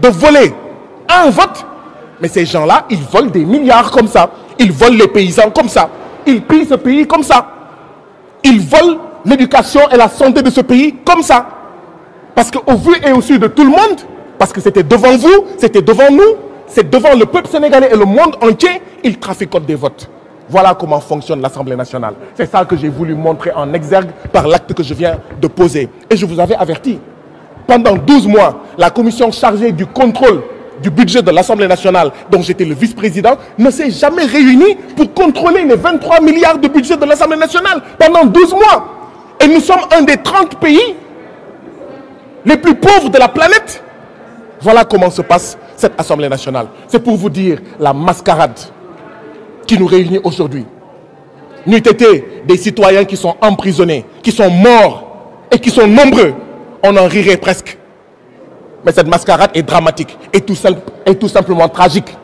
de voler un vote. Mais ces gens-là, ils volent des milliards comme ça. Ils volent les paysans comme ça. Ils pillent ce pays comme ça. Ils volent l'éducation et la santé de ce pays comme ça. Parce qu'au vu et au su de tout le monde, parce que c'était devant vous, c'était devant nous, c'est devant le peuple sénégalais et le monde entier, ils trafiquent des votes. Voilà comment fonctionne l'Assemblée nationale. C'est ça que j'ai voulu montrer en exergue par l'acte que je viens de poser. Et je vous avais averti. Pendant 12 mois, la commission chargée du contrôle du budget de l'Assemblée nationale, dont j'étais le vice-président, ne s'est jamais réunie pour contrôler les 23 milliards de budget de l'Assemblée nationale pendant 12 mois. Et nous sommes un des 30 pays les plus pauvres de la planète. Voilà comment se passe cette Assemblée nationale. C'est pour vous dire la mascarade qui nous réunit aujourd'hui. N'eût été des citoyens qui sont emprisonnés, qui sont morts et qui sont nombreux on en rirait presque. Mais cette mascarade est dramatique et tout, simplement tragique.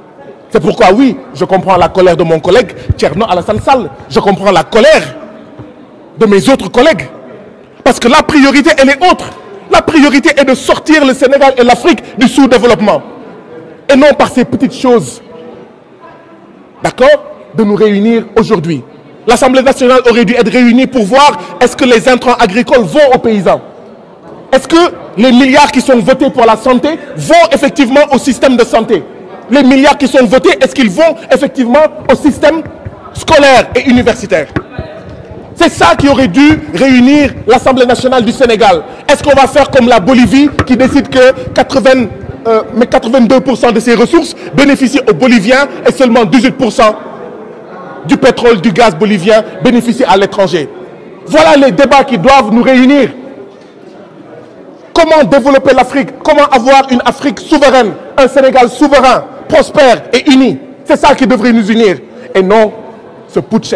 C'est pourquoi, oui, je comprends la colère de mon collègue Tcherno Alassane Sal, Je comprends la colère de mes autres collègues. Parce que la priorité, elle est autre. La priorité est de sortir le Sénégal et l'Afrique du sous-développement. Et non par ces petites choses. D'accord De nous réunir aujourd'hui. L'Assemblée nationale aurait dû être réunie pour voir est-ce que les intrants agricoles vont aux paysans. Est-ce que les milliards qui sont votés pour la santé vont effectivement au système de santé Les milliards qui sont votés, est-ce qu'ils vont effectivement au système scolaire et universitaire c'est ça qui aurait dû réunir l'Assemblée nationale du Sénégal. Est-ce qu'on va faire comme la Bolivie qui décide que 80, 82% euh, de ses ressources bénéficient aux Boliviens et seulement 18% du pétrole, du gaz bolivien bénéficient à l'étranger Voilà les débats qui doivent nous réunir. Comment développer l'Afrique Comment avoir une Afrique souveraine, un Sénégal souverain, prospère et uni C'est ça qui devrait nous unir. Et non, ce putsch.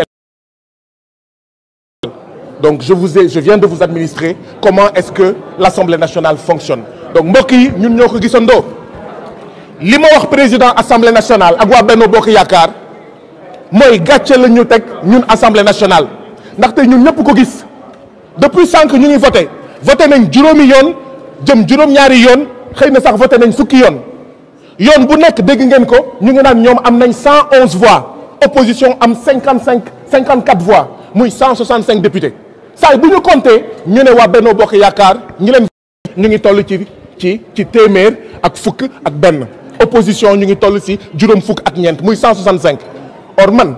Donc je, vous je viens de vous administrer comment est-ce que l'Assemblée nationale fonctionne. Donc Moki, nous nous avons li wax président assemblée nationale ak waa Benno Bokk Yaakaar mooy gàcce la ñu teg ñun assemblée nationale ndaxte ñun ñëpp ko depuis cinq ñu avons voté voté nañ juróomi jëm juróom-ñaari yoon xeyna sax voté nañ fukki yoon yoon bu nek dégg ngeen ko ñu ngi naan ñom am nañ 111 voix opposition am 55 54 voix muy 165 députés saa buñu ñu compté ñu né wa Benno Bokk Yaakaar ñi leen ñu ngi toll ci ci ci témèr ak fukk ak benn opposition ñu ngi toll ci juróom fukk ak ñent muy 165 or man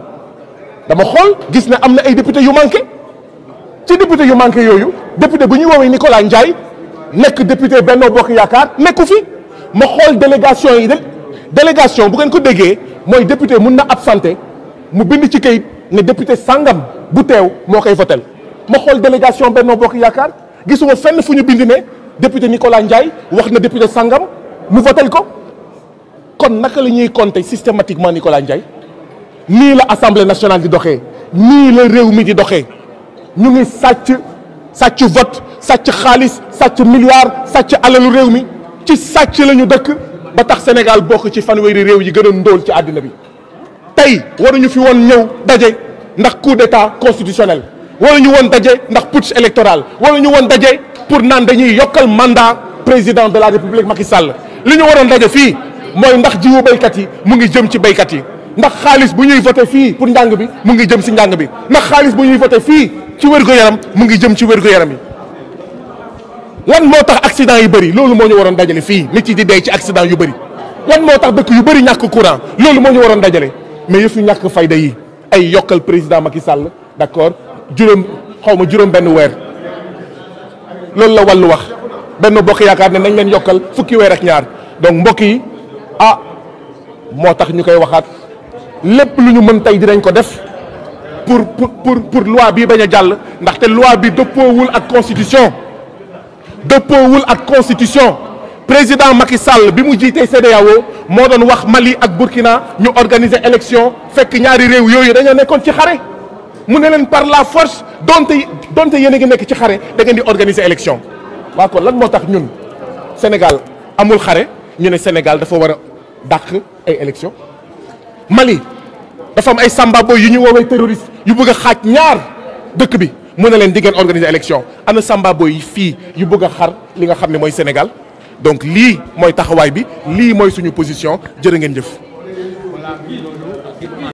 dama xol gis na amna ay députés yu manqué ci députés yu manqué yoyu député bu ñuy woowee Nicolas Ndiaye nek député Benno Bokk Yaakaar nekku fi ma xol délégation yi de délégation bu ngeen ko déggee moy député mun na absenté mu bind ci kayit né député sangam bu tew mo koy votel ma xol délégation Benno Bokk Yaakaar gisuma fenn fuñu bind député Nicolas Ndiaye wax na député sangam mu votel ko kon naka la ñuy compter systématiquement Nicolas Ndiaye ni la assemblée nationale di doxé ni le réew mi di doxé ñu ngi sacc sàccu vote sàcc xaalis sàcc milliard sàcc alalu réew mi ci sàcc la ñu dëkk ba tax Sénégal bokk ci fanweeri réew yi gëna a ndóol ci àddina bi tey waruñu fi woon ñëw daje ndax coup d'état constitutionnel ñu woon daje ndax putsch électoral waruñu woon daje pour naan dañuy yokkal mandat président de la république Macky sàll li ñu waroon daje fii mooy ndax jiwu béykat yi mu ngi jëm ci béykat yi ndax xaalis bu ñuy voté fii pour njàng bi mu ngi jëm si njàng bi xaalis bu ñuy voté fii ci wér-gu-yaram mu ngi jëm ci wér-gu-yaram yi lan moo tax accident yu bëri loolu moo ñu waroon dajale fii nit yi di dey ci accident yu bëri lan moo tax dëkk yu bëri ñàkk courant loolu moo ñu waroon dajale mais yu ñàkk fayda yi ay yokkal président Macky sàll d'accord juróom xaw ma juróom benn weer loolu la wallu wax benn bokk yaakaar ne nañ leen yokkal fukki weer ak ñaar donc mbokk yi ah moo tax ñu koy waxaat lépp lu ñu mën tey dinañ ko def pour pour pour pour loi bi baña jall ndax té loi bi dëppoowul ak constitution dëppoowul ak constitution président Macky Sall bi mu jité CDAO moo wax Mali ak Burkina ñu organiser élection fekk ñaari réew yooyu dañu nekkoon ci xaré mu ne leen par la force donte donte yéen a ngi nekk ci xaré da ngeen di organiser élection wa ko lan moo tax ñun Sénégal amul xaré ñu né Sénégal dafa wara a ay élection Mali dafa am ay boy yu ñu wowe terroriste yu bëgg a xaaj ñaar dëkk bi mën na leen di ngeen organiser élection ana Samba Boy yi fii yu bëgg xar li nga xam ne mooy Sénégal donc lii mooy taxawaay bi lii mooy suñu position jërë ngeen jëf.